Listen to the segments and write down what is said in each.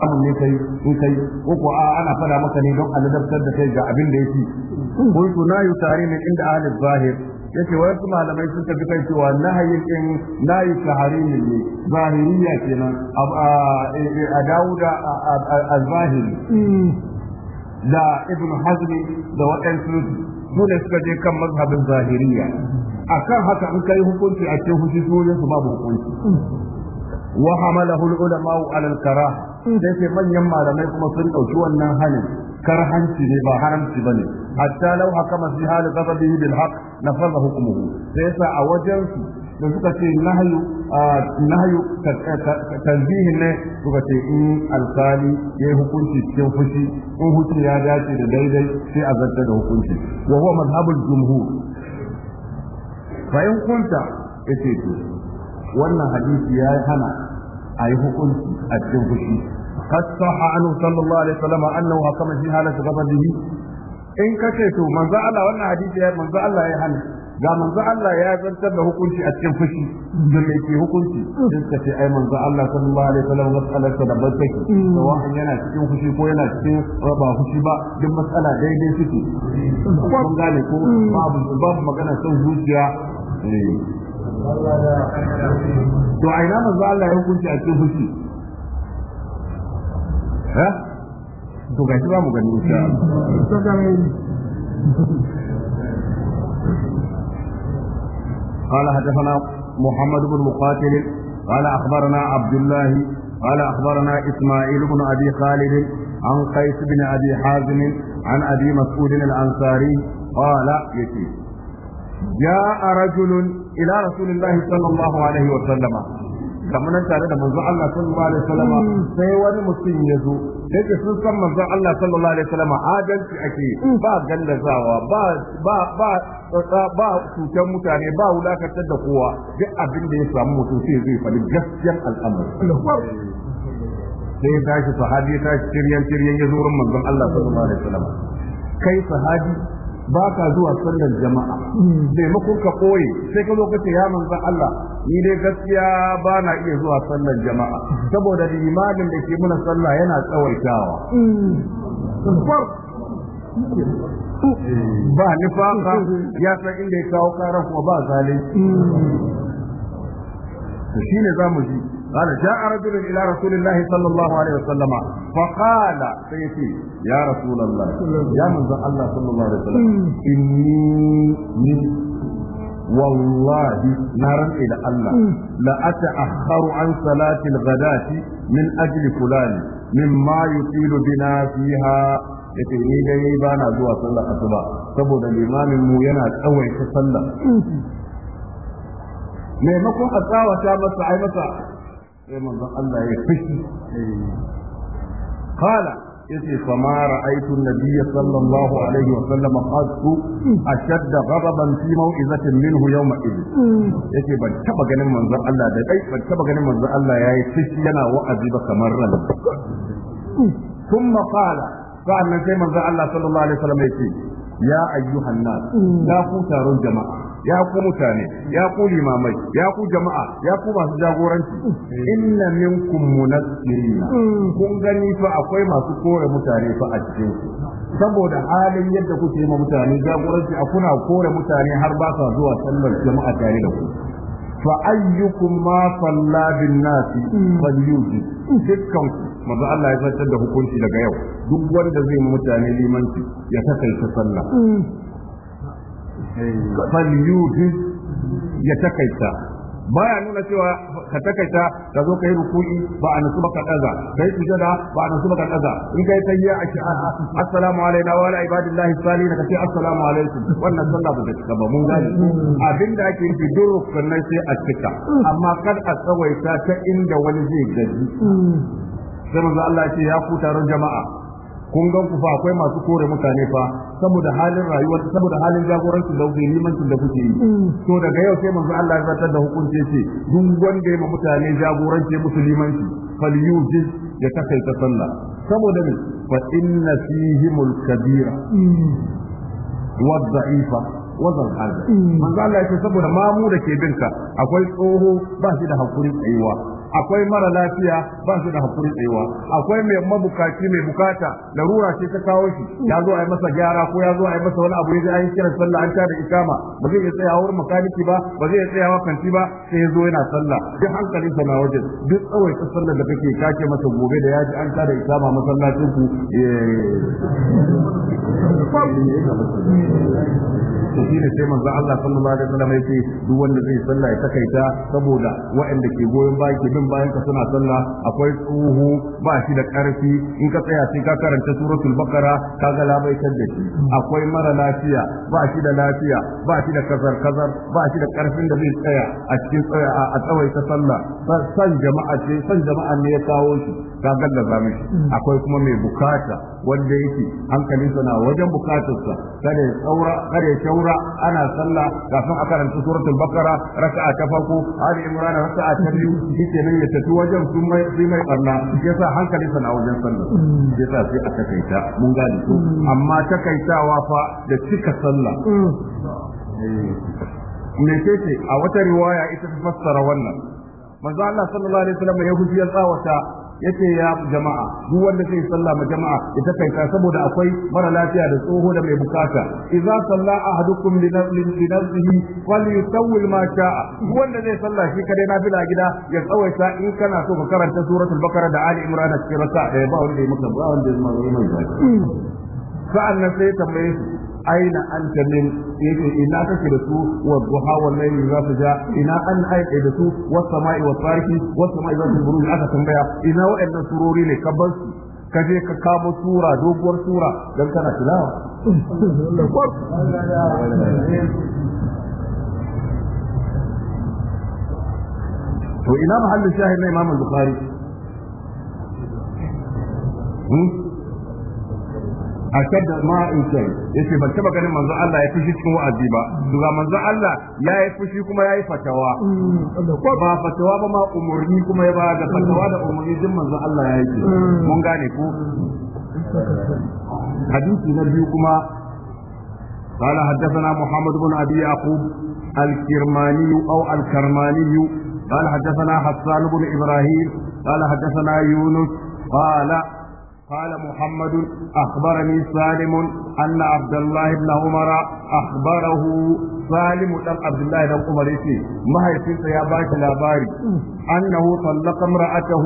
abin ne kai in kai ko ko a ana fada maka ne don aladabtar da kai ga abin da yake kuntu na tare ne inda ahli zahir yake wai wasu malamai sun tafi kai cewa nahayi na nayi taharimi ne zahiriya kenan a e, e, dauda al-zahiri da ibn hazmi da waɗansu su ne suka je kan mazhabin zahiriya akan haka in kai hukunci a ce hukunci su babu hukunci wa hamalahu al ala al-karaha da yake manyan malamai kuma sun ɗauki wannan halin kar hanci ne ba haramci bane hatta law hakama fi hal ghadabihi bil haqq nafaza hukmuhu sai yasa a wajen su da suka ce nahyu nahyu tanzihi ne suka ce in ya yayi hukunci cikin fushi in hukunci ya dace da daidai sai a zartar da hukunci wa huwa mazhabul jumhur fa in kunta yace to wannan hadisi ya hana a yi hukunci a cikin fushi قد صح عنه صلى الله عليه وسلم انه حكم في حاله غضبه in ka ce to manzo Allah wannan hadisi ya manzo Allah ya hana ga manzo Allah ya zantar da hukunci a cikin fushi da mai ke hukunci sai ka ce ai manzo Allah sallallahu alaihi wasallam mas'alar ta da barkake to wannan yana cikin fushi ko yana cikin ba fushi ba duk mas'ala daidai suke kun gane ko babu babu magana son zuciya to aina manzo Allah ya hukunci a cikin fushi ha to gashi ba mu gani insha قال حدثنا محمد بن مقاتل قال أخبرنا عبد الله قال أخبرنا إسماعيل بن أبي خالد عن قيس بن أبي حازم عن أبي مسعود الأنصاري قال يتي جاء رجل إلى رسول الله صلى الله عليه وسلم ga munan tare da manzon Allah sallallahu alaihi wasallam hmm. sai wani mutum ya zo yake sun san manzon Allah sallallahu alaihi wasallam adalci ake hmm. ba gallazawa ba ba ba ba cutar mutane ba wulakantar da kowa duk abin da ya samu mutum sai zai faɗi gaskiyar al'amari sai ya tashi sahabi ya tashi tiryan tiryan ya zo wurin manzon Allah sallallahu alaihi wasallam kai sahabi ba ka zuwa sallar jama'a hmm. maimakon ka koyi sai ka zo ka ce ya manzon Allah ni dai gaskiya ba na iya zuwa sallar jama'a saboda limamin da ke muna sallah yana tsawaitawa hmm. ba nifaka ya san inda ya kawo karar kuma ba zalunci shi ne za mu ji قال جاء رجل إلى رسول الله صلى الله عليه وسلم فقال سيتي يا رسول الله يا من الله صلى الله عليه وسلم إني من wallahi na rantse da Allah hmm. la ata'akhkharu an salati al-ghadati min ajli fulani mimma yutilu bina fiha ni dai ba na zuwa sallar asuba saboda limamin mu yana tsawaita sallah hmm. maimakon a tsawata Allah ya yace fama ra'aytu an sallallahu alaihi wa sallam qadtu ashadda ghadaban fi maw'izatin minhu yawma idh yace ban taba ganin manzon Allah da dai ban taba ganin manzon Allah yayi fishi yana wa'azi ba kamar ran thumma qala sa'an sai manzon Allah sallallahu alaihi wa sallam yace ya ayyuhan nas da ku taron jama'a ya ku mutane ya ku limamai ya ku jama'a ya ku masu jagoranci inna minkum munaffirina kun gani fa akwai masu kore mutane fa a cikin saboda halin yadda kuke ma mutane jagoranci a kuna kore mutane har ba sa zuwa sallar jama'a tare da ku fa ayyukum ma salla bin nasi falyuji dukkan manzo Allah ya fitar da hukunci daga yau duk wanda zai mutane limanci ya takaita sallah falyufi ya takaita Ba ya nuna cewa ka takaita ka zo kai ruku'i ba a nasu baka daga kai sujada ba a nasu baka daga in kai tayya a shi'a assalamu alaina wa ala ibadillahi na ka ce assalamu alaikum wannan sallah ba ta ba mun gani abinda ake yi durruk sannan sai a cika amma kar a tsawaita ta inda wani zai gaji sai manzo Allah ya ce ya ku taron jama'a kun gan ku fa akwai masu kore mutane fa saboda halin rayuwa saboda halin jagorancin da kuke limancin da kuke yi mm. to daga yau sai manzo Allah ya zartar da hukunci ce duk wanda ya ma mutane jagoranci musulmanci yujiz ya ta sallah saboda ne fa inna fihimul kabira mm. wa dha'ifa wazan harbi mm. manzo Allah ya ce saboda mamu da ke binka akwai tsoho ba shi da hakuri tsayuwa akwai mara lafiya ba su da hakuri tsayawa akwai mai mabukaci mai bukata larura ce ta kawo shi ya zo a yi masa gyara ko ya zo a yi masa wani abu ya ji an kiran sallah an tada ikama ba zai iya tsayawa wurin makaniki ba ba zai iya tsayawa kanti ba sai ya zo yana sallah duk hankalin sa na wajen duk tsawai ta sallah da kake kake masa gobe da ya ji an tada ikama masallacin ku eh. to ne sai manzo Allah sallallahu alaihi wasallam yake duk wanda zai sallah ya takaita saboda waɗanda ke goyon baki mutum bayan ka suna sallah akwai tsohu ba shi da karfi in ka tsaya sai ka karanta suratul baqara ka ga labai da shi akwai mara lafiya ba shi da lafiya ba shi da kazar kazar ba shi da karfin da zai tsaya a cikin tsaya a ta sallah san jama'a ce san jama'a ne ya kawo shi ka da zamu shi akwai kuma mai bukata wanda yake hankalinsa na wajen bukatarsa kada ya tsaura kada ya shaura ana sallah kafin a karanta suratul baqara raka'a ta farko ali imran raka'a ta biyu shi nan ya tafi wajen sun mai sai mai barna sa hankali sana wajen sallah mm. sa sai a takaita mun gane su mm. amma takaitawa fa da cika sallah mm. eh. me ce a wata riwaya ita ta fassara wannan manzo Allah sallallahu alaihi wasallam ya huji ya tsawata yace ya jama'a duk wanda zai salla ma jama'a ya takaita saboda akwai mara lafiya da tsoho da mai bukata idza salla ahadukum li nafsihi falyusawwil ma sha'a duk wanda zai salla shi kadai fila gida ya tsawaita in kana so ka karanta suratul baqara da ali imran cikin raka'a ɗaya ba wanda ya maka ba wanda ya maka hmm. sa'an sai tambaye su aina anta min yake ina kake da su wa duha wal layli za su ja ina an aike da su was sama'i wa tarihi was sama'i za su buruj aka tambaya ina wa'annan surori ne ka bar su ka je ka kama sura doguwar sura dan kana tilawa to ina mahallin shahid na imam bukhari hmm? ashadda ma in kai yace ban taba ganin manzon Allah ya fushi cikin wa'azi ba duga manzon Allah ya yi fushi kuma ya yi fatawa mm. ba fatawa ba ma umurni kuma ya ba da fatawa da umurni din manzon Allah ya yi mm. mun gane ko hadisi na biyu kuma قال حدثنا محمد بن ابي يعقوب الكرماني او الكرماني قال حدثنا حسان بن ابراهيم قال حدثنا يونس قال قال محمد أخبرني سالم أن عبد الله بن عمر أخبره سالم بن عبد الله بن عمر يتي ما يسير يا باش لاباري أنه طلق امرأته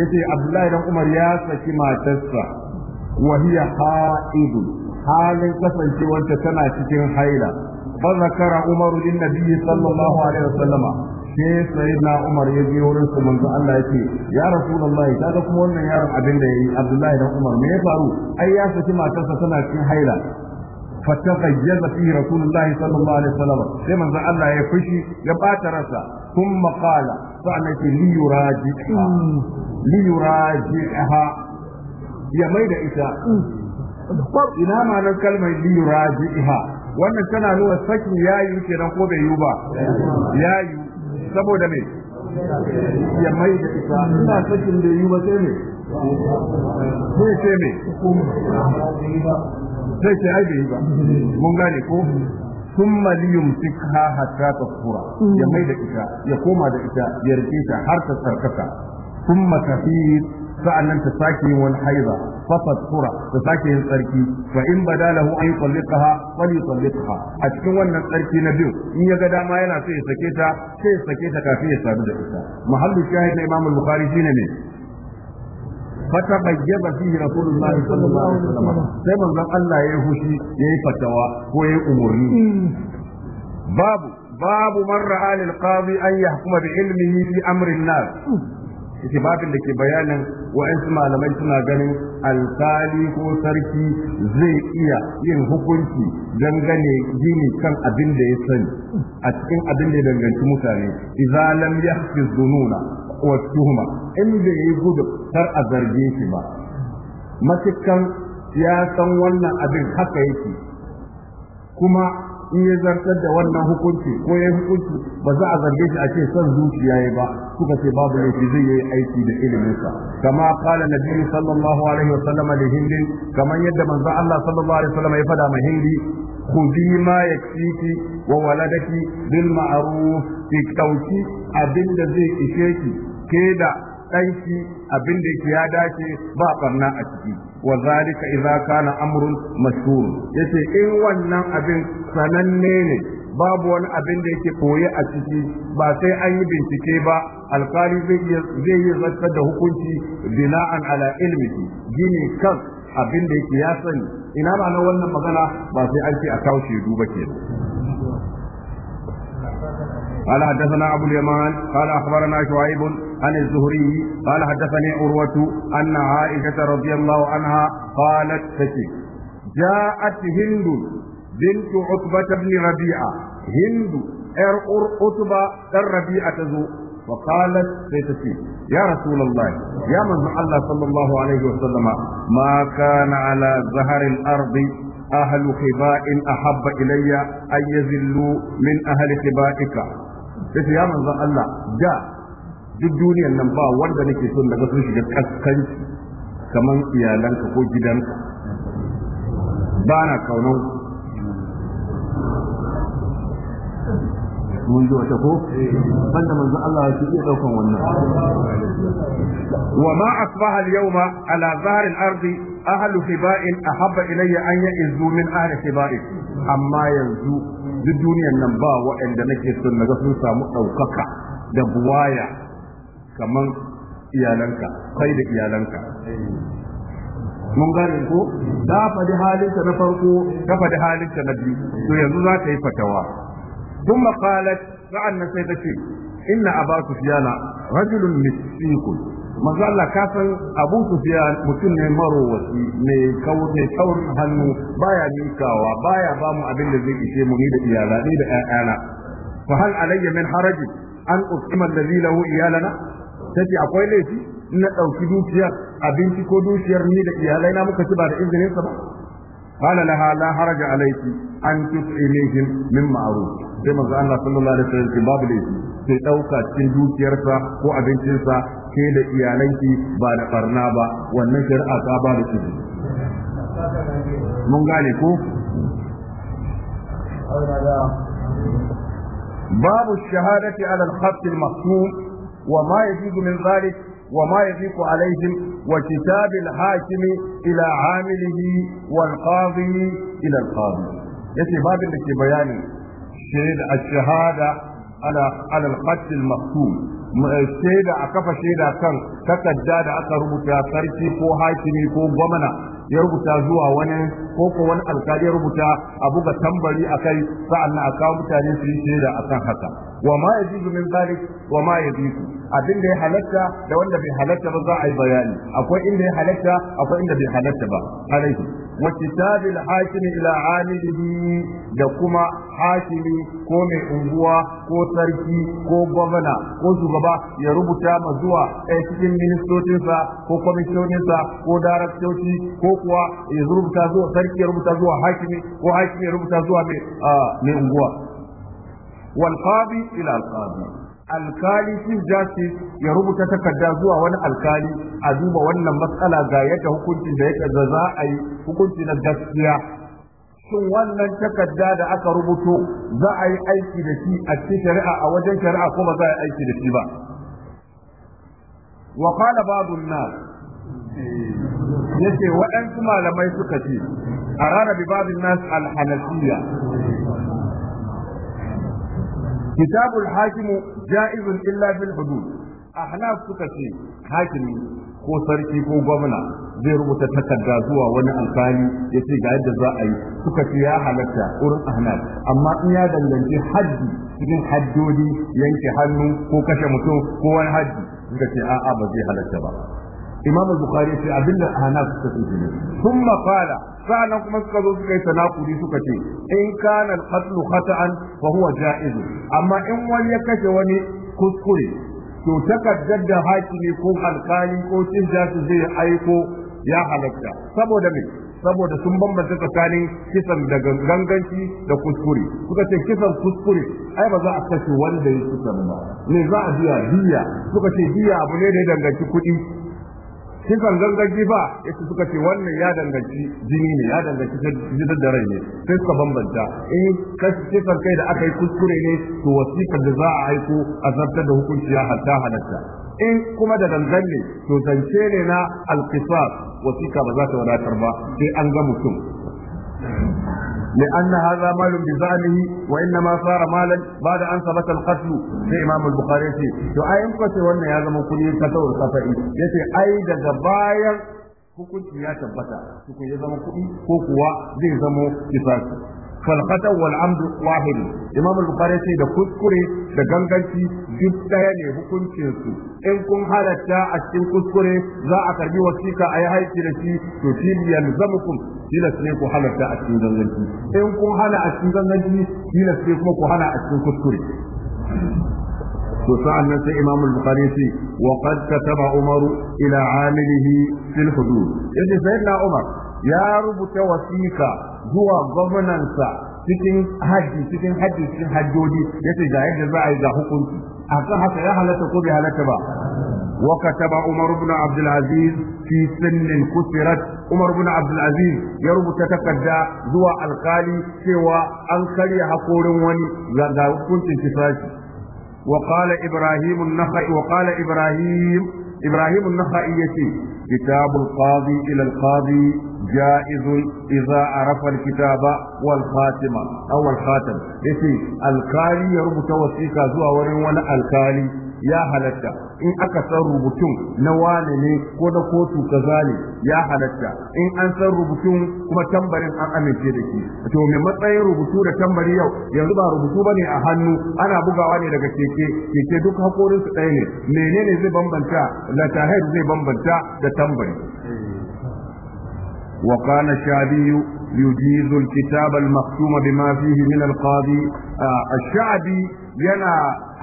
يتي عبد الله بن عمر يا سكما تسع وهي حائض حال كسنتي وانت تنا cikin haila فذكر عمر للنبي صلى الله عليه وسلم sai sayyidina Umar ya je wurin su manzo Allah ya ce ya rasulullahi kaga kuma wannan yaron abin da yayi Abdullahi dan Umar me ya faru ai ya saki matarsa tana cikin haila فتغيظ فيه ya الله Ya bata rasa وسلم كما ان الله يفشي يبات رسا ثم قال فعنت ليراجعها ya mai da ita? ina ma'anar kalmar liyuraji'iha wannan tana nuna sakin yayi kenan ko bai yi ba yayi saboda me ya mai da ita ina sakin da yi wata ne zai ce me sai ce ai da yi ba mun gane ko sun maliyum fik ha hatta ta tafura, ya mai da ita ya koma da ita ya rike har ta sarkata ثم كفير sa'annan ta sake yin wani haiza fasad kura ta sake yin tsarki fa in bada lahu an yusalliqaha fali yusalliqaha a cikin wannan tsarki na biyu in ya ga dama yana so ya sake ta sai ya sake ta kafin ya sadu da ita imam shine ne فتبجب فيه رسول الله صلى الله عليه وسلم سيما زم الله يهوشي يهي فتوى ويهي أمرني باب باب من رأى للقاضي أن يحكم بعلمه في أمر الناس yake babin da ke bayanin wa'ansu malamai suna ganin alkali ko sarki zai iya yin hukunci dangane gini kan abin da ya sani a cikin abin da ya danganci mutane izalan ya yahfiz dununa wa tuhuma in bai yi gudu kar a zarge shi ba matukan ya san wannan abin haka yake kuma in ya zartar da wannan hukunci ko ya hukunci ba za a zarge shi a ce son zuciya ya ba suka ce babu laifi zai yi aiki da iliminsa kama kala nabi sallallahu alaihi wasallam da hindi kamar yadda manzo Allah sallallahu alaihi wasallam ya fada ma hindi khudi ma ciki, wa waladaki bil ma'ruf ki abin abinda zai ishe ki ke da ɗanki abinda ya dace ba barna a ciki wa zalika idza kana amrun mashhur yace in wannan abin sananne ne babu wani abin da yake koyi a ciki ba sai an yi bincike ba alkali zai yi zartar da hukunci bina'an ala ilmi gini kan abin da yake ya sani ina ma na wannan magana ba sai an ce a kawo shaidu ba kenan قال حدثنا أبو اليمان قال أخبرنا شعيب عن الزهري قال حدثني عروة أن عائشة رضي الله عنها قالت تشي جاءت هند بنت عتبة بن ربيعة هند ار ار عتبة بن ربيعة تزو وقالت تشي يا رسول الله يا من الله صلى الله عليه وسلم ما كان على ظهر الأرض أهل خباء أحب إلي أن يذلوا من أهل خبائك. يا من الله جاء duk duniyan nan ba wanda nake son daga sun shiga kaskanci kamar iyalanka ko gidanka ba na kaunan mun ji wata ko banda manzo Allah ya iya daukan wannan wa ma asbaha al-yawma ala zahr al-ard ahlu hiba'in ahabba ilayya an ya'izu min ahli hiba'in amma yanzu duk duniyan nan ba wa'anda nake son naga sun samu ɗaukaka da buwaya kaman iyalanka kai da iyalanka mun gane ko da faɗi halinka na farko da faɗi halinka na biyu to yanzu za ka yi fatawa ثم قالت nan sai ta ce inna aba sufyana rajulun misfiqun manzo Allah ka san Abu Sufyan mutum ne marowaci ne kauri hannu baya mikawa baya ba mu abin da zai ishe mu ni da iyala ni da ƴaƴana fa hal alayya min haraji an uqima alladhi lahu iyalana ta ce akwai laifi na ɗauki dukiyar abinci ko dukiyar ni da iyalai na muka ci ba da izinin sa ba qala laha la haraja alayki an minhum min ma'ruf sai manzo Allah sallallahu alaihi wasallam babu laifi sai ɗauka cikin dukiyarsa ko abincinsa ke da iyalanki ba da barna ba wannan shari'a ta ba da shi mun gane ko ala al على al المخصوم وما يزيد من wa وما يضيق عليهم وكتاب الحاكم إلى عامله والقاضي إلى القاضي يتي باب اللي في بيان الشهادة على على القتل المقتول shaida a kafa shaida kan takarda da aka rubuta sarki ko hakimi ko gwamna ya rubuta zuwa wani ko ko wani alkali ya rubuta a buga tambari a kai sa'an a kawo mutane su yi shaida kan haka wa ma yajibu min zalik wa ma abin da ya halatta da wanda bai halatta ba za a yi bayani akwai inda ya halatta akwai inda bai halatta ba alaihi wa kitabil hakim ila alihi da kuma hakimi ko mai unguwa ko sarki ko gwamna ko shugaba ya rubuta ma zuwa ɗaya cikin ministocinsa ko kwamisoninsa ko daraktoci ko kuwa ya rubuta zuwa sarki ya rubuta zuwa hakimi ko hakimi ya rubuta zuwa mai ah, unguwa والقاضي إلى القاضي alkali chief justice ya rubuta takarda zuwa wani alkali a duba wannan matsala ga yadda hukuncin da yake da za a yi hukunci na gaskiya shin wannan takarda da aka rubuto za a yi aiki da shi a cikin shari'a a wajen shari'a ko ba za a yi aiki da shi ba wa qala babu nas yace waɗansu malamai suka ce a rana bi babin nas al-hanafiyya kitabul hakimu ja'izun illa fil hudud ahnaf suka ce hakimi ko sarki ko gwamna zai rubuta takarda zuwa wani alkali ya ce ga yadda za a yi suka ce ya halatta wurin ahnaf amma in ya danganci haddi cikin haddodi yanke hannu ko kashe mutum ko wani haddi suka ce a'a ba zai halatta ba imam al-bukhari sai abinda hanaf suka ce ne kuma fala sa'annan kuma suka zo suka yi tanakuri suka ce in kana al-qatl khata'an fa huwa ja'iz amma in wani ya kashe wani kuskure to takardar da hakimi ko alkali ko cin jasu zai aiko ya halatta saboda me saboda sun bambanta tsakanin kisan da ganganci da kuskure suka ce kisan kuskure ai ba za a kashe wanda ya kisan ba ne za a biya biya suka ce biya abu ne da ya danganci kuɗi kisan gangaji ba yace suka ce wannan ya danganci jini ne ya danganci jidar da rai ne sai suka bambanta in kisan kai da aka yi kuskure ne to wasiƙar da za a haiku a zartar da hukunci ya hatta halatta in kuma da dangan ne to zance ne na alkisar wasiƙa ba za ta wadatar ba sai an ga mutum لأن هذا مال بزعمه وإنما صار مالا بعد أن ثبت القتل في إمام البخاري to ai in kwace wannan ya zama kudi ka ya ce yace ai daga bayan hukunci ya tabbata hukun ya zama kuɗi ko kuwa zai zama kisasi falkhata wal amdu wahid imam al-bukhari sai da kuskure da ganganci duk daya ne hukuncin su in kun halatta a cikin kuskure za a karbi wasiƙa a yi haiti da shi to shi yalzamukum tilas ne ku halatta a cikin ganganci in kun hana a cikin ganganci tilas ne kuma ku hana a cikin kuskure to sa'an nan sai al bukhari sai wa qad kataba umaru ila amilihi fil hudud yace sayyidina umar ya rubuta wasiƙa zuwa gwamnansa cikin haji cikin haji cikin hajjoji yace ga yadda za a yi ga hukunci akan haka ya halatta ko bai halatta ba وكتب عمر بن عبد العزيز في سن كسرت عمر بن عبد العزيز يرب تتكدى زوى القالي سوى أنكري حقور وني لذا كنت انتفاشي وقال إبراهيم النخعي وقال إبراهيم إبراهيم النخعي يتي كتاب القاضي إلى القاضي جائز إذا عرف الكتاب والخاتمة أو الخاتم يسي الكالي يربط وسيكا زوا ورن الكالي ya halatta in aka san rubutun na wane ne ko na kotu ta zane ya halatta in an san rubutun kuma tambarin an amince da shi to me matsayin rubutu da tambari yau yanzu ba rubutu bane a hannu ana bugawa ne daga keke keke duk hakorin su ɗaya ne menene zai bambanta latahir zai bambanta da tambari وقال الشعبي يجيز الكتاب المختوم بما فيه من القاضي الشعبي ينا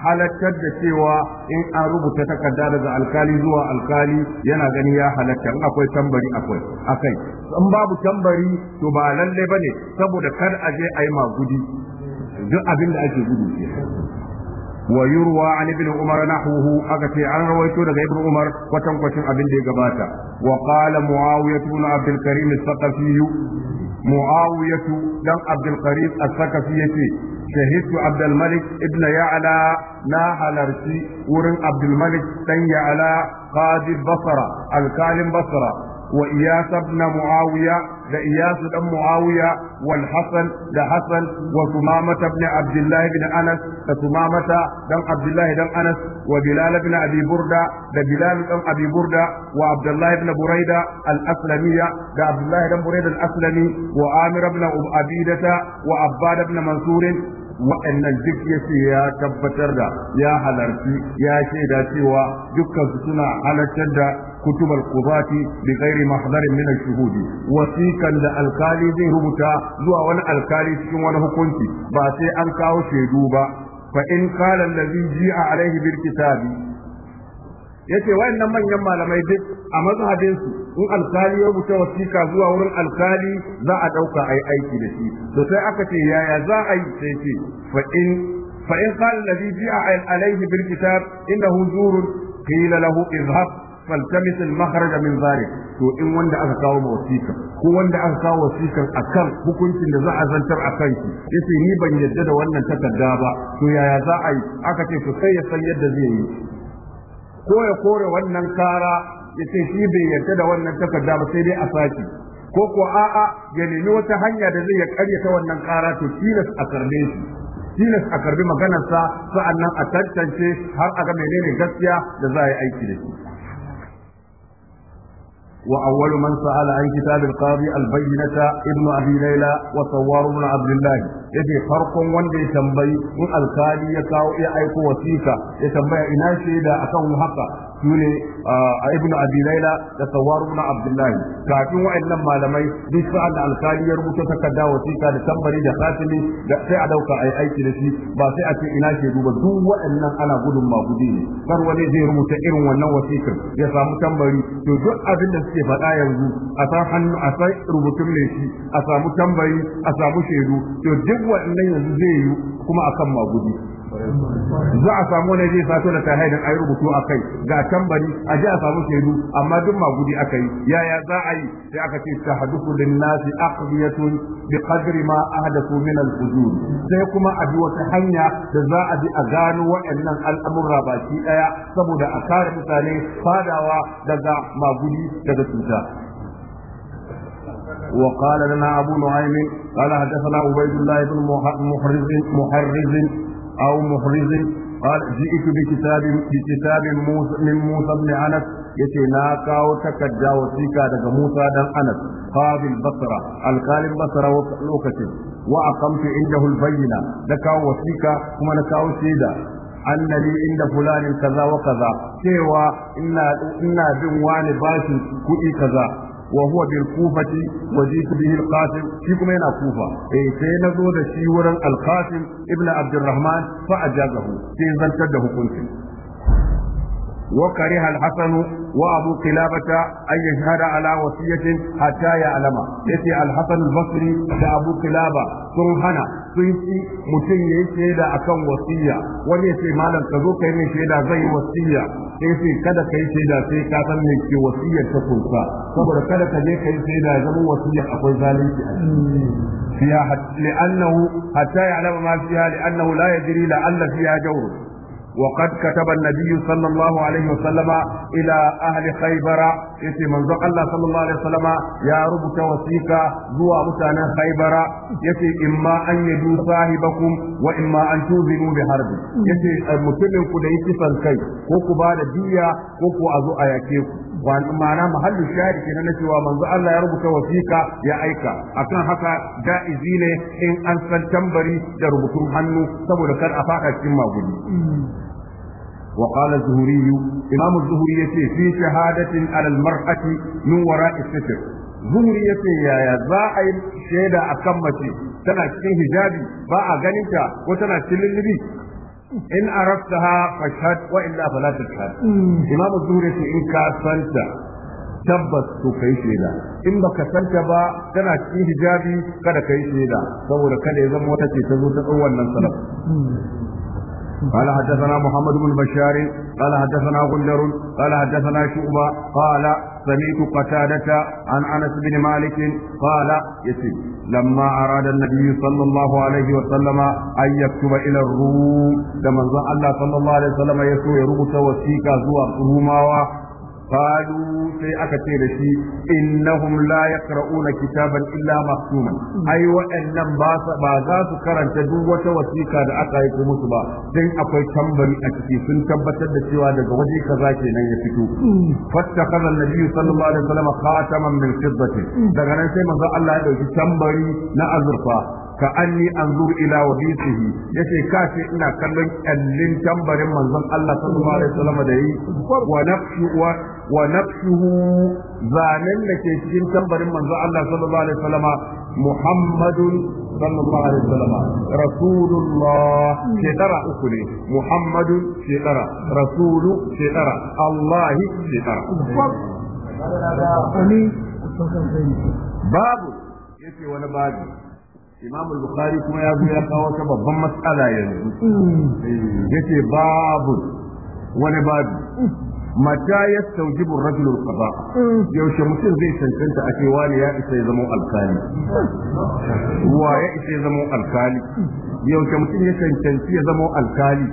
halattar da cewa in an rubuta takarda daga alkali zuwa alkali yana gani ya halatta in akwai tambari akwai akai in babu tambari to ba lalle bane saboda kar a je a yi magudi duk abin da ake gudu ke ويروى عن ابن عمر نحوه أكتي عن abin لك ابن عمر وتنقش أبن دي قباتا وقال معاوية بن عبد الكريم dan معاوية بن عبد الكريم الثقفي شهدت عبد الملك ابن يعلى ناحلرتي ورن عبد الملك بن يعلى قاضي بصرة الكالم بصرة وإياس بن معاوية da Iyasu dan Muawiya wal Hasan da Hasan wa Sumamata ibn Abdullah ibn Anas da Sumamata dan Abdullah dan Anas wa Bilal ibn Abi Burda da Bilal dan Abi Burda wa Abdullah ibn Buraida al-Aslamiyya da Abdullah dan Buraida al-Aslami wa Amir ibn Abidata wa Abbad ibn Mansur waɗannan duk yace ya tabbatar da ya halarci ya shaida cewa dukkan su suna halartar da كتب القضاة da محضر من الشهود wasikan da alkali zai rubuta zuwa wani alkali cikin wani hukunci ba sai an kawo shaidu ba fa in qala allazi ji'a alaihi bil kitabi yace wayannan manyan malamai duk a mazhabin su in alkali ya rubuta wasika zuwa wurin alkali za a dauka ai aiki da shi to sai aka ce yaya za a yi sai ce fa in fa in qala alladhi ji'a alayhi bil kitab innahu zurun qila lahu izhab faltamis al-makhraj min zalik to in wanda aka kawo wasika ko wanda aka kawo wasikan akan hukuncin da za a zantar a kanki yace ni ban yadda da wannan takarda ba to yaya za a yi aka ce to sai ya san yadda zai yi ko ya kore wannan kara ya ce shi bai yarda da wannan takarda ba sai dai a saki ko ko a'a ya nemi wata hanya da zai ya karyata wannan kara to tilas a karbe shi tilas a karbi maganarsa sa'annan a tantance har a ga menene gaskiya da za a yi aiki da shi وأول من سأل عن كتاب القاضي البينة ابن أبي ليلى وصوار بن عبد الله يجي خرق وندي تنبي من القاضي يكاو يأيك وثيقة يتنبي إنا شيدا أكون حقا sune ibn abi laila da sawar ibn abdullah kafin wa'annan malamai duk sai da alkali ya rubuta takarda wasiƙa da tambari da khatimi da sai a dauka ai aiki da shi ba sai a ce ina ke duba duk wa'annan ana gudun magudi ne kar wani zai rubuta irin wannan wasikar ya samu tambari to duk abin da suke faɗa yanzu a san hannu a san rubutun ne shi a samu tambari a samu shaidu to duk wa'annan yanzu zai yi kuma akan magudi za a samu wani zai sato da a yi rubutu a kai, ga tambari a ji a samu shaidu amma duk magudi akai yaya za a yi sai aka ce tahadduku lin nasi aqdiyatun bi qadri ma ahdathu min al sai kuma a bi wata hanya da za a bi a gano waɗannan al'amurra baki daya saboda a kare mutane fadawa daga magudi daga cuta وقال لنا أبو نعيم قال حدثنا عبيد الله بن محرز محرز أو محرز قال جئت بكتاب بكتاب موسى من موسى بن أنس يتنا كاو تكجا وسيكا دك موسى بن أنس قاضي البصرة القالي البصرة وكلوكة وأقمت عنده البينة دكاو وسيكا كما نكاو سيدا أن لي عند فلان كذا وكذا سوى إنا إنا بن واني باشي كذا وهو بالكوفة وجيت به القاسم فيكم هنا كوفة إيه سينا زود الشيورا القاسم ابن عبد الرحمن فأجازه سيزن كده كنت وكره الحسن وابو قلابة ان يشهد على وصية حتى يعلم da الحسن البصري لابو قلابة sun hana sun fi mutum ya yi shaida a kan wasiyya. wani ce malam ka zo kai min shaida zai yi wasiya sai sai kada ka yi shaida sai ka san me ke wasiyar ta kunsa saboda kada ka je ka yi shaida ya zama wasiyar akwai zalunci a fiha li'annahu hatta ya'lama ma fiha li'annahu la yadri la'alla fiha jawr وقد كتب النبي صلى الله عليه وسلم إلى أهل خيبر يتي منذ الله صلى الله عليه وسلم يا ربك وسيكا زوى متانا خيبر يتي إما أن يدو صاحبكم وإما أن توزنوا بحرب يتي المتلم كده يتفن كي وكبار ديا وكو أزو أيكيكم ma'ana muhallin shahid kenan na cewa manzo Allah ya rubuta wasiƙa ya aika a kan haka ja'izi ne in an san tambari da rubutun hannu saboda kar a faɗa cikin magudi وقال الزهري إمام الزهري في شهادة على المرأة من وراء الستر zuhuri ya ce yaya za a yi shaida a kan mace tana cikin hijabi ba a ganinta ko tana cikin lullubi in araftaha Fashad wa illa fala tashhad imam az-zuhri in ka santa tabbas to kai shaida in baka santa ba kana cikin hijabi kada kai shaida saboda kada ya zama wata ce ta zo ta tsawon wannan salaf قال حدثنا محمد بن بشار قال حدثنا غندر قال حدثنا شعبة قال سمعت قتادة عن أنس بن مالك قال يسي لما أراد النبي صلى الله عليه وسلم أن يكتب إلى الروم لمن الله صلى الله عليه وسلم يسوع يربط وسيكا زوى الروماوة qalu sai aka ce da shi innahum la yaqra'una kitaban illa maktuman ai waɗannan ba ba za su karanta duk wata wasiƙa da aka yi musu ba dan akwai tambari a ciki sun tabbatar da cewa daga waje kaza kenan ya fito fattakhadha an-nabi sallallahu alaihi wasallam khataman min fiddatin daga nan sai manzo Allah ya ɗauki tambari na azurfa ka anni anzur ila wabisihi yace ka ce ina kallon kallin tambarin manzon Allah sallallahu alaihi wasallam da yi wa nafsu wa wa nafsuhu zanen da ke cikin tambarin manzon Allah sallallahu alaihi wasallam Muhammadun sallallahu alaihi wasallam rasulullah shekara uku ne Muhammadun shekara rasulu shekara Allah shekara babu yace wani babu imam bukhari kuma ya zo ya kawo ta babban matsala yanzu mm. yace babu wani babu mata ya ar-rajulu al-qada mm. yaushe mutum zai cancanta a cewa ne ya isa zama alkali wa ya isa zama alkali yaushe mutum ya cancanci ya zama alkali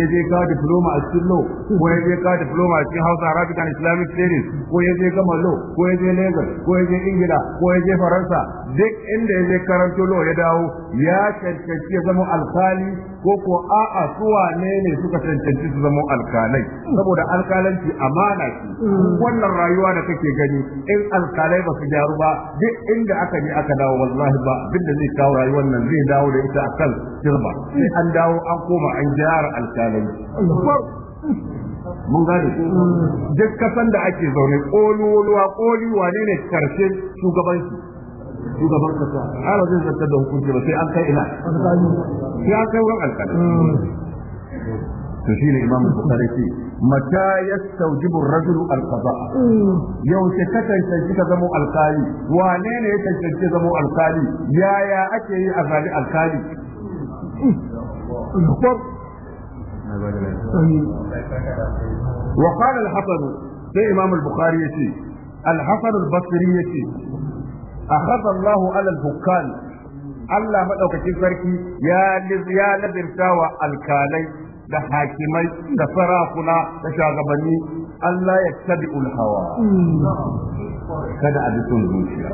ya je ka diploma a cikin law ko ya je ka diploma a cikin Hausa Arabic and Islamic Studies ko ya je gama law ko ya je Lagos ko ya je Ingila ko ya je Faransa duk inda ya je karanto law ya dawo ya cancanci ya zama alkali ko ko a'a su wane ne suka cancanci su zama alkalai saboda alkalanci ki amana ki wannan rayuwa da kake gani in alkalai ba su gyaru ba duk inda aka je aka dawo wallahi ba duk da zai kawo rayuwar nan zai dawo da ita akan sirba sai an dawo an koma an gyara alkalai mun gane duk kasan da ake zaune ƙoluwa koli wane ne karshen shugabanci shugaban kasa har zai zartar da hukunci ba sai an kai ina sai an kai wurin alƙalai to shi ne imam bukari ce mata yastawjibu ar-rajulu al-qada yaushe ka tantance ka zamo alkali wane ne ya tantance zamo alkali yaya ake yi a zali alkali وقال الحسن في إمام البخاري الحسن البصري أخذ الله على البكان Allah maɗaukacin sarki ya ya wa alkalai da hakimai da sarakuna da shagabanni Allah ya tabi hawa kada a son zuciya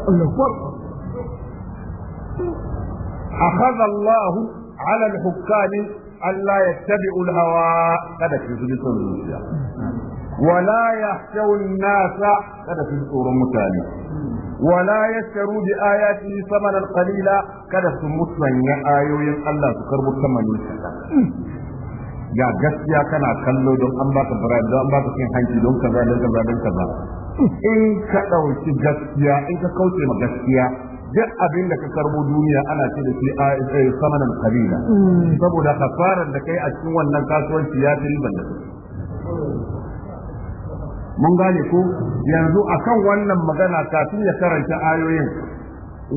akhadha Allah ala al-hukami Allah ya tabi hawa kada ki zuci son zuciya wala yahtawu an-nasa kada tsoron mutane ولا يشتروا بآياته ثمنا قليلا كذا سمسن يا آيوين الله سكربوا ثمن ga gaskiya kana kallo don an baka bribe don an baka cin hanci don kaza don kaza don kaza in ka ɗauki gaskiya in ka kauce ma gaskiya duk abin da ka karbo duniya ana ce da shi a samanan kabila hmm. saboda kafaran da kai a cikin wannan kasuwanci ya fi riban da mun gane ko yanzu akan wannan magana kafin ya karanta ayoyin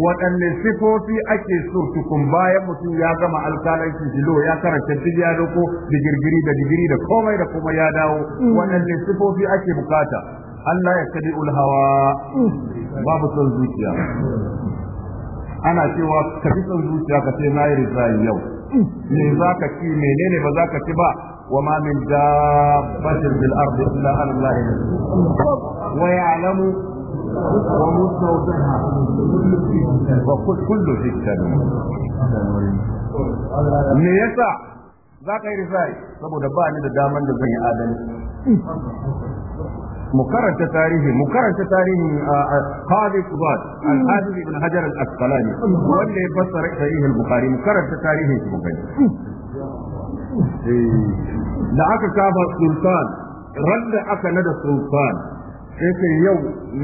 waɗanne sifofi ake so tukun bayan mutum ya gama alƙalancin filo ya karanta duk ya doko digirgiri girgiri da digiri da komai da kuma ya dawo mm. waɗanne sifofi ake bukata Allah ya kadi ulhawa mm. babu son zuciya ana cewa ka fi son zuciya ka ce na yi rizayi yau mm. me za ka ci menene ba za ka ci ba wa ma min dabbatin bil ardi illa Allah ya ومستوضعها وقل كل me yasa za ka yi rifai saboda ba ni da daman da zan yi adalci mu karanta tarihi mu tarihin Qadi Subad al-Hafiz ibn Hajar wanda ya fassara tarihi al-Bukhari mu tarihin su da aka kafa ran da aka nada sultan sai yau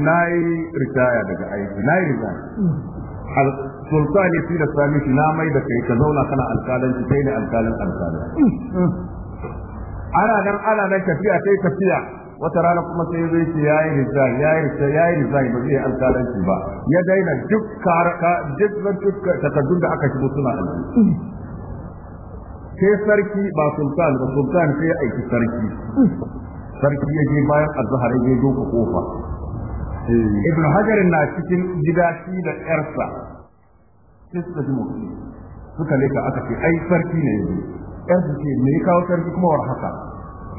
na yi ritaya daga aiki na yi ritaya sultani fi da sami shi na mai da kai ka zauna kana alƙalanci kai ne alƙalin alƙalin ana nan ana nan tafiya sai tafiya wata rana kuma sai zai ce yayi rizai yayi rizai yayi rizai ba zai alƙalanci ba ya daina duk karaka duk duk takaddun da aka shigo suna alƙalanci sai sarki ba sultan ba sultan sai aiki sarki sarki ya je bayan azhar ya zo doka kofa eh. ibn hajar na cikin gida shi da yarsa sai suka ji motsi suka leka aka ce ai sarki ne yanzu. yarsa ce me ya kawo sarki kuma war haka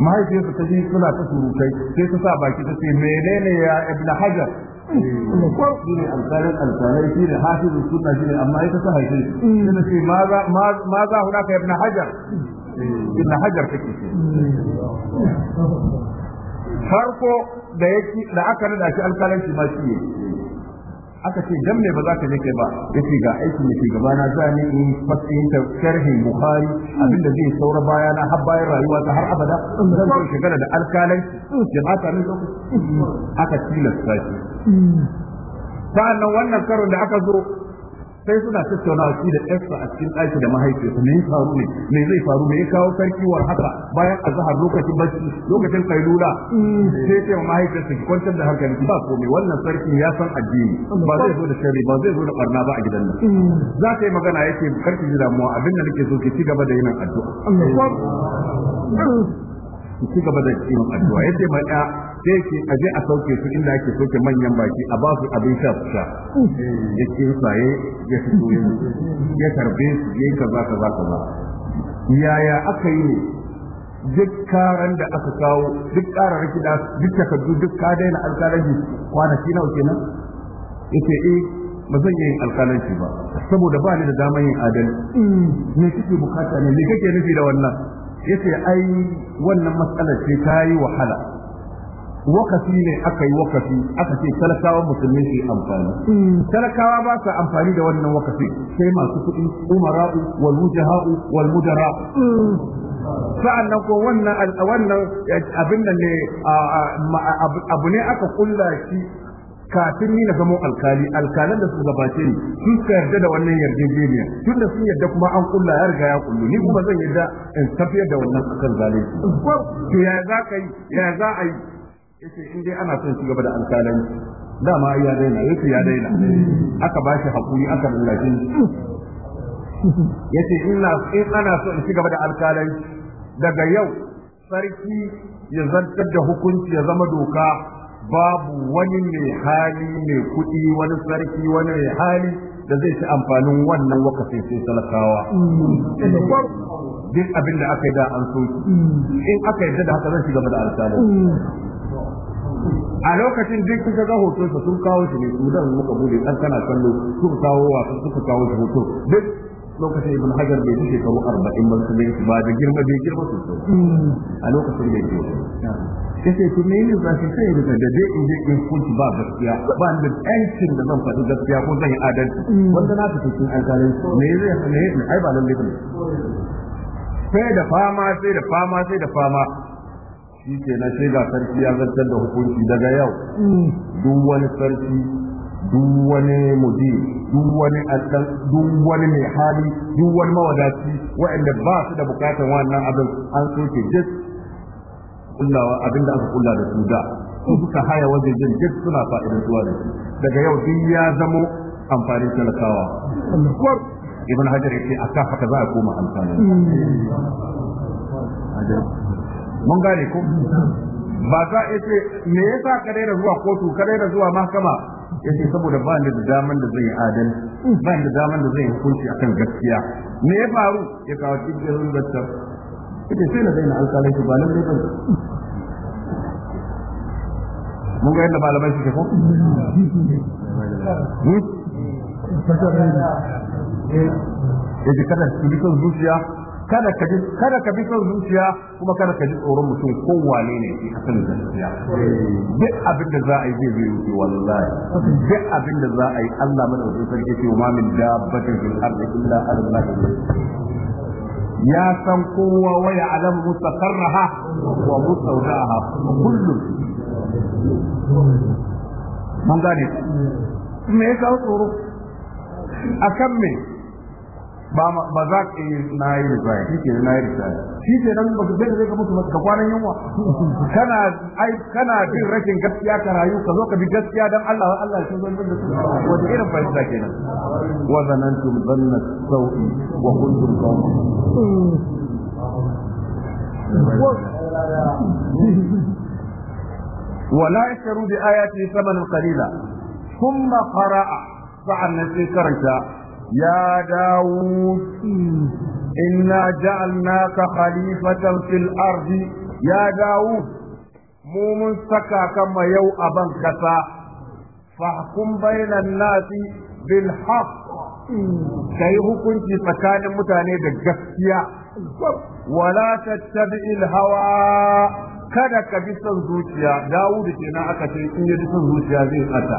mahaifiyarsa ta ji suna ta surutai sai ta sa baki ta ce menene ya ibn hajar eh. shi ne alƙalin alƙalai shi ne hafizu sunna shi ne amma ita ta sa haife shi ne eh. ma za hunaka ibn hajar Eh. ibn hajar take ce farko da yake da aka rada shi alkalanci ma shi ne aka ce dan me ba za ka je kai ba yace ga aikin da ke gaba na za ni in fasinta sharhin bukhari abinda zai saura baya na har bayan rayuwa ta har abada zan zo shigala da alkalanci jama'a bata min lokaci aka tilasta shi hmm. sa'annan wannan karon da aka zo sai suna tattauna shi da ƴarsa a cikin ɗaki da mahaifiyarsa me ya faru ne me zai faru me ya kawo sarki war haka bayan azhar lokacin bacci lokacin kailula sai ce ma mahaifiyarsa ki kwantar da hankali ba komai wannan sarkin ya san addini ba zai zo da sharri ba zai zo da barna ba a gidan nan za ta yi magana yake karki ji damuwa abin da nake so ki ci gaba da yin addu'a su ci gaba da yin addu'a yace ma ya sai ki aje a sauke su inda ake sauke manyan baki a ba su abin sha su sha ya ci saye ya fito ya tarbe su ya kaza kaza kaza yaya aka yi ne duk karan da aka kawo duk ƙara da duk takardu duk ka daina alkalanci kwanaki nawa kenan yace eh ba zan yi alƙalanci ba saboda ba ni da damar yin adalci me kike bukata ne me kake nufi da wannan yace ai wannan matsalar ce ta yi wahala wakafi ne aka yi wakafi aka ce talakawa musulmi ke amfani mm. talakawa ba su amfani da wannan wakafi sai masu kuɗi umara'u wal mujaha'u wal mudara mm. sa'an nan ko wannan wannan eh, abin nan ne abu ne aka kulla shi kafin ni na zamo alkali alkalan da suka gabace ni sun ka yarda da wannan yarjejeniya tun da sun yarda kuma an kulla ya riga ya kullu ni kuma zan yarda in tafiyar da wannan akan zalunci to ya za ka yi ya za a yi yace in dai ana son ci gaba da alkalanci dama ya daina yace ya daina aka bashi hakuri aka shi yace ina in ana so in ci gaba da alkalanci daga yau sarki ya zartar da hukunci ya zama doka babu wani mai hali mai kuɗi wani sarki wani mai hali da zai ci amfanin wannan wakafin sai talakawa duk abin da aka yi da an soki in aka yadda da haka zan shiga da alƙalai a lokacin duk kuka ga sa sun kawo shi ne sudan muka bude dan kana kallo sun kawo wasan suka kawo shi hoto duk lokacin ibn hajar bai ji shekaru arba'in ba su ba da girma bai girma sosai a lokacin da yake ya ce to me ne zafi sai da da zai in je in kunci ba gaskiya ba da ɗancin da zan faɗi gaskiya ko zan yi adalci wanda na fita cikin alƙalin me zai ne ai ba nan ba sai da fama sai da fama sai da fama shi ke na sai ga sarki ya zartar da hukunci daga yau mm. duk wani sarki duk wani mudir duk wani addan duk wani mai hali duk wani mawadaci waɗanda ba su da bukatan wannan abin an soke duk kullawa abinda aka kulla da su da su suka haya wajen jin duk suna zuwa da su daga yau duk ya zamo amfanin talakawa ibn hajar yake a kan haka za a koma amfani mun gane ko ba za a ce me yasa ka daina zuwa kotu ka daina zuwa mahkama yace saboda ba ni da daman da zai adal ba ni da daman da zai hukunci akan gaskiya me ya faru ya kawo cikin yace sai na ba ba mun ga yadda malamai suke ko hmm? yace kada su bi kan zuciya kada ka ji kada ka bi son zuciya kuma kada ka ji tsoron mutum ko wane ne ka san zuciya. duk abin da za a yi zai zai yi wallahi duk abin da za a yi Allah madaukakin sarki ce ma min dabbatin fil ardi illa Allah ya san kowa wa ya'lamu mustaqarraha wa mustawda'aha kullu mun gane me ya kawo tsoro akan me ba za ka yi na yi risaya shi ke na yi risaya shi ke nan ba su zai zai ka mutu ka kwanan yunwa kana ai kana bin rashin gaskiya ka rayu ka zo ka bi gaskiya dan Allah Allah shi zan bin da su wani irin fahimta kenan wa zanantum zanna sau'i wa kuntum qawma ولا يشتروا بآياته ثمنا قليلا ثم قرأ فعلنا في كرشة يا داود إنا جعلناك خليفة في الأرض يا داود مومن سكا كما يو أبن كسا فحكم بين الناس بالحق كي كنت سكان متاني بجسيا ولا تتبع الهوى kada ka bi son zuciya dawo da ke kenan aka ce in ya bi son zuciya zai kasa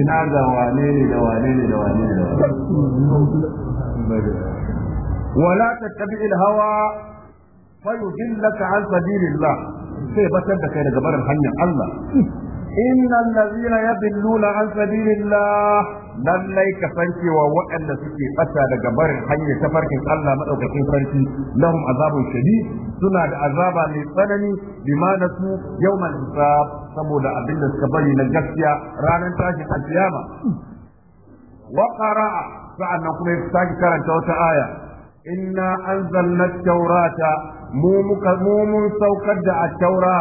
ina ga wane ne da wane ne da wane ne da wane wala tattabi hawa fa yudillaka an sabilillah sai batar da kai daga barin hanyar Allah innal ladhina yadilluna an sabilillah lallai cewa waɗanda suke ɓata daga barin hanyar farkin Allah maɗaukakin sarki lahum azabun shadi suna da azaba mai tsanani ma da su yau hisab saboda abin da suka bari na gaskiya ranar tashin alkiyama wa qara'a sa'annan kuma ya sake karanta wata aya inna anzalna at-taurata mu muka saukar da at-taura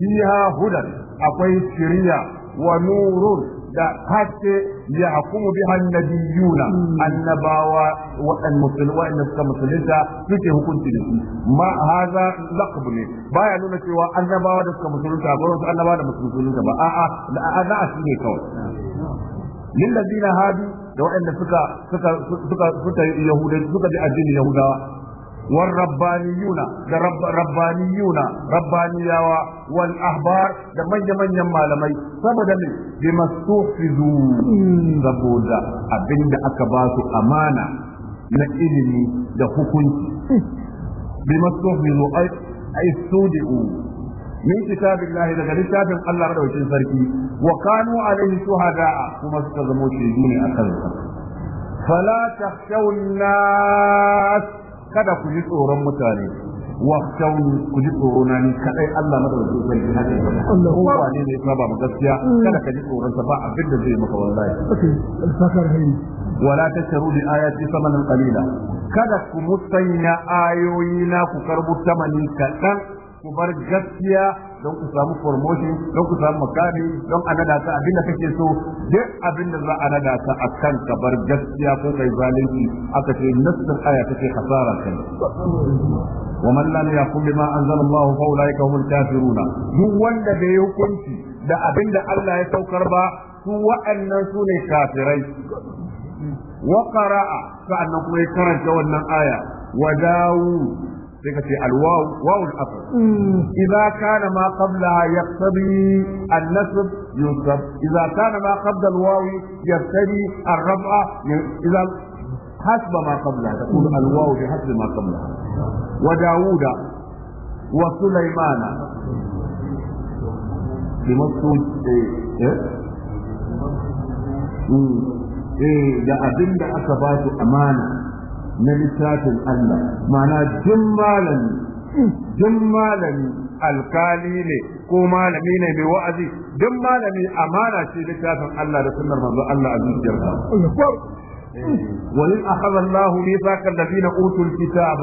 fiha hudan akwai shiriya wa nurun da haske ya hukumu biha annabiyuna hmm. annabawa waɗan musulmi waɗanda suka musulunta suke hukunci da su ma haza laqab ne baya nuna cewa annabawa da suka musulunta ba wasu annabawa da musulunta ba a'a na asiri ne kawai lillazina hadu da waɗanda suka suka suka suka yahudai suka bi addinin yahudawa والربانيون ده رب ربانيون ربانياوا والأحبار ده من يمن يما لمي سبدا من بما استحفظوا سبودا أبين ده أكباس أمانة na ilimi da hukunci bi mastuhfizu ay istudi'u min kitabillahi daga littafin Allah madaukakin sarki wa kanu alaihi shuhada'a kuma suka zamo shaidu ne akan sa fala takhshawun kada ku ji tsoron mutane waktan ku ji tsoro na ni kadai Allah madaukakin sarki haka Allah ko wane ne saba mu gaskiya mm. kada ka ji tsoron sa ba abin da zai maka wallahi sakar hayi wala tashru bi ayati samanan qalila kada ku musanya ayoyi na ku karbu tamani kadan ku bar gaskiya don ku samu promotion don ku samu makami don a nada ka abinda kake so duk abinda za a nada ka a kan ka bar gaskiya ko kai zalunci aka ce nassar aya take hasara kai ومن لم يقم بما انزل الله فاولئك هم الكافرون duk wanda bai hukunci da abinda Allah ya saukar ba su wa'annan su ne kafirai wa qara'a sa'annan kuma ya karanta wannan aya wa dawu sai ka ce alwaw waw al-asl idza kana ma qablaha yaqtadi an-nasb yunsab idza kana ma qabla al-waw yaqtadi ar-raf'a idza حسب ما قبلها تقول الواو بحسب ما قبلها وداوود وسليمان بمصوت ايه ايه da abin da aka ba su amana na littafin Allah ma'ana jin malami Jin malami alkali ne ko malami ne mai wa'azi Jin malami amana ce littafin Allah da sunnar manzo Allah a lahu ne zuciyarsa وإن أخذ الله ميثاق الذين أوتوا الكتاب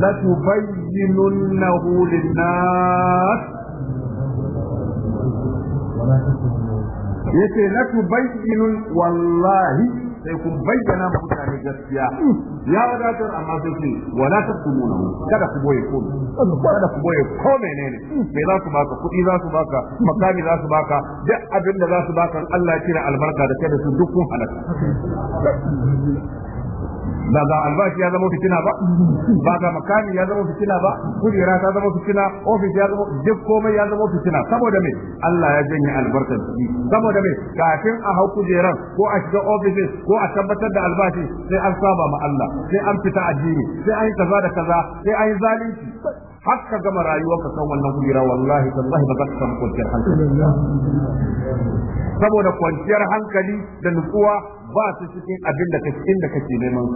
لتبيننه للناس yace la tubayyinu wallahi sai kun bayyana muku gaskiya ya wadatar amma sai ce wala tasmuna kada ku boye ko kada ku boye ko menene me za su baka kuɗi za su baka makami za su baka duk abin da za su baka Allah ya kira albarka da kai da su duk kun halaka ba ga albashi ya zama fitina ba ba ga makami ya zama fitina ba kujera ta zama fitina ofis ya zama duk komai ya zama fitina saboda me Allah ya janye albarkar saboda me kafin a hau kujeran ko a shiga offices ko a tabbatar da albashi sai an saba ma Allah sai an fita addini sai an yi kaza da kaza sai an yi zalunci har ka gama rayuwar ka san wannan kujera wallahi tallahi ba za ka samu kwanciyar hankali saboda kwanciyar hankali da nutsuwa ba su cikin abin da kake inda kake neman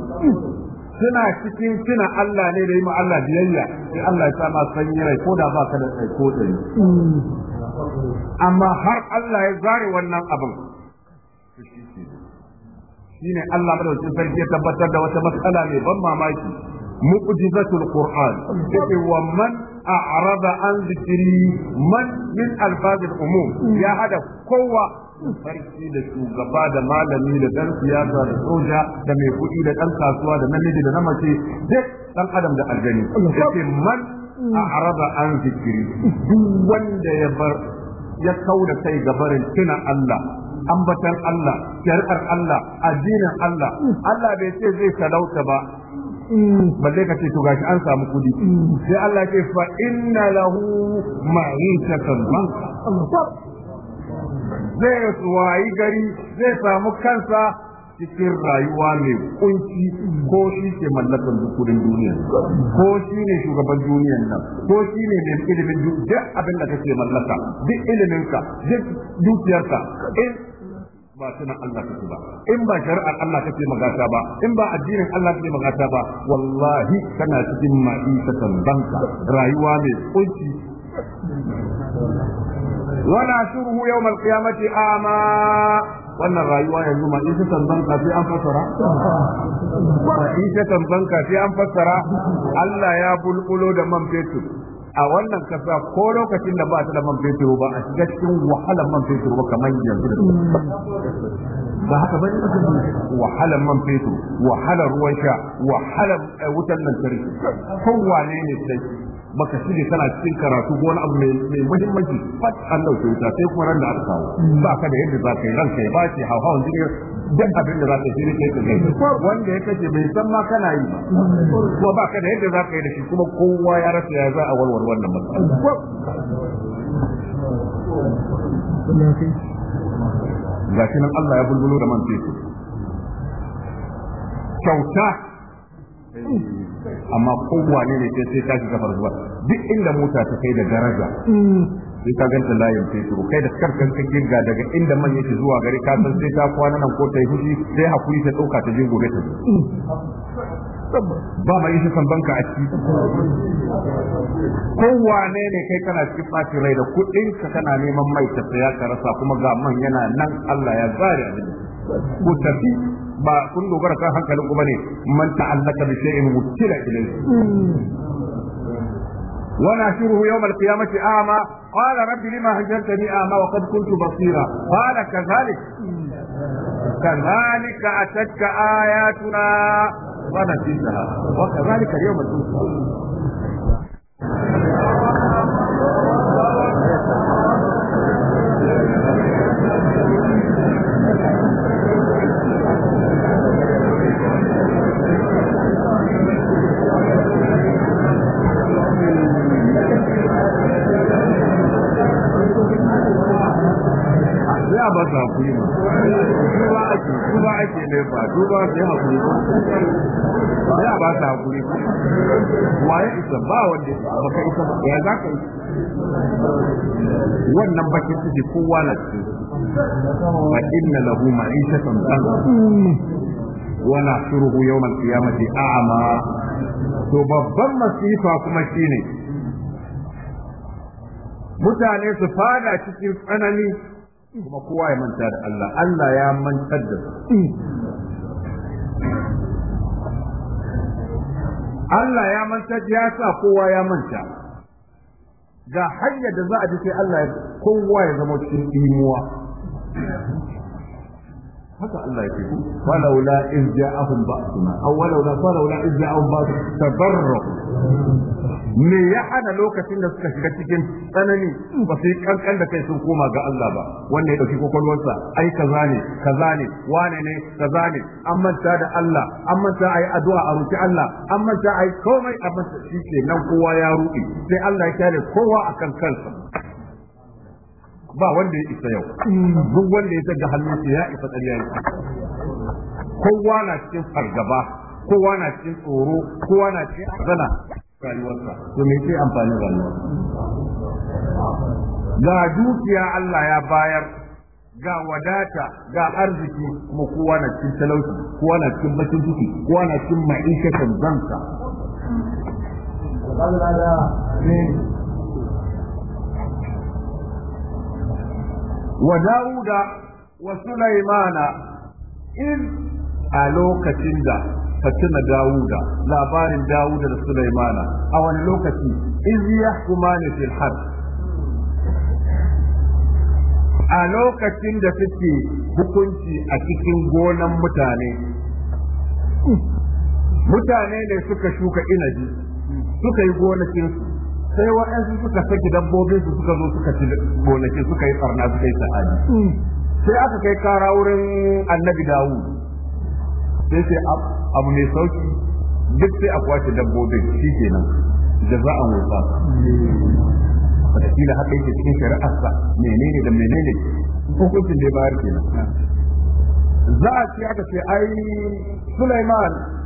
suna cikin suna Allah ne da yi ma Allah biyayya sai Allah ya sama sanyi rai ko da ba ka da sai ko da amma har Allah ya zare wannan abin shine Allah madaukakin sarki ya tabbatar da wata matsala mai ban mamaki mu'jizatul qur'an sai wa man a'rada an zikiri man min alfazil umum ya hada kowa sarki da shugaba da malami da dan siyasa da soja da mai kuɗi da dan kasuwa da namiji da na mace duk dan adam da aljani sai man araba an zikiri duk wanda ya bar ya kauda kai gabarin tuna Allah ambatan Allah shari'ar Allah addinin Allah Allah bai ce zai talauta ba balle ka ce to gashi an samu kudi sai Allah ce fa inna lahu ma'isatan banka zai wayi gari zai samu kansa cikin rayuwa mai kunci ko shi ke mallakar kudin duniya ko shi ne shugaban duniya nan ko shi ne mai ilimin duk abin da kake mallaka duk iliminka duk dukiyarka ba sunan Allah kake ba in ba shari'ar Allah kake magata ba in ba addinin Allah kake magata ba wallahi kana cikin ta banka rayuwa mai kunci wala shuruhu yawmal qiyamati ama wannan rayuwa yanzu ma ta tambanka sai an fassara ma ta tambanka sai an fassara Allah ya bulbulo da man fetur a wannan kasa ko lokacin da ba ta da man fetur ba a shiga cikin wahalar man fetur ba kamar yanzu da ba haka bane wahalar man fetur wahalar ruwan sha wahalar eh, wutar lantarki kowane ne sai baka shige kana cikin karatu ko wani abu mai muhimmanci fat an dauke ta sai kuma ran da aka kawo mm. ba ka da yadda za ka yi ranka ya bace hawan jini duk abin da za ka yi sai ka kai wanda ya kace bai san ma kana yi ba kuma ba ka da yadda za ka yi da shi kuma kowa ya rasa ya za a warware wannan matsala ga shi nan Allah ya bulbulo da man fetur kyauta amma kowane ne sai sai tashi kafar zuwa duk inda mota ta kai da daraja sai ka ganta layin su kai da karkan ka girga daga inda man yake zuwa gari ka san sai ta kwana nan ko ta yi hudi sai hakuri ta dauka ta je gobe ta ba mai shi san banka a ciki kowane ne kai kana cikin ɓacin rai da kuɗin ka kana neman mai ta saya ka rasa kuma ga man yana nan Allah ya zare abin ko tafi ba kun dogara kan hankalin ku bane man ta'allaka bi shay'in wukila ilayhi ونحشره يوم القيامة أعمى قال رب لما هجرتني أعمى وقد كنت بصيرا قال كذلك كذلك أتتك آياتنا ونسيتها وكذلك اليوم تنسى ba duba hakuri a ba ba wanda ba ka isa ba bakin ciki kowa na inna lahu yawm al-qiyamati a'ma to babban masifa kuma shine mutane su fada cikin tsanani kuma kowa ya manta da Allah Allah ya manta da su Allah ya manta ya sa kowa ya manta ga hanyar da za a ji sai Allah kowa ya zama cikin imuwa haka Allah ya ce fa laula iz ja'ahum ba'suna aw laula fa laula iz ja'ahum ba'suna tabarra me ya hana lokacin da suka shiga cikin tsanani ba su yi kankan da kai sun koma ga Allah ba wanda ya dauki kokolwarsa ai kaza ne kaza ne wane ne kaza ne an manta da Allah an manta ai addu'a a ruci Allah an manta ai komai a manta shike nan kowa ya ruɗe sai Allah ya kare kowa a kan kansa ba wanda ya isa yau duk wanda ya daga hannunsa ya isa ƙarya kowa na cikin fargaba kowa na cikin tsoro kowa na cikin azana rayuwarsa to me sai amfanin ga dukiya Allah ya bayar ga wadata ga arziki kuma kowa na cikin talauci kowa na cikin bakin ciki kowa na cikin ma'aikatan zansa wa Dawuda wa Sulaimana in a lokacin da fatina dawuda labarin dawuda da sulaimana a wani lokaci kuma yahkumani fil harb a lokacin da suke hukunci a cikin gonan mutane mutane ne suka shuka inabi suka yi su sai waɗansu suka saki dabbobin su suka zo suka ci gonakin suka yi farna suka yi sa'adi sai aka kai kara wurin annabi dawud sai sai abu mai sauki duk sai a kwace dabbobin shi kenan jaza'an da wataƙila haka yake cikin shari'arsa menene da menene hukuncin da ya bayar kenan za a ce aka ce ai Sulaiman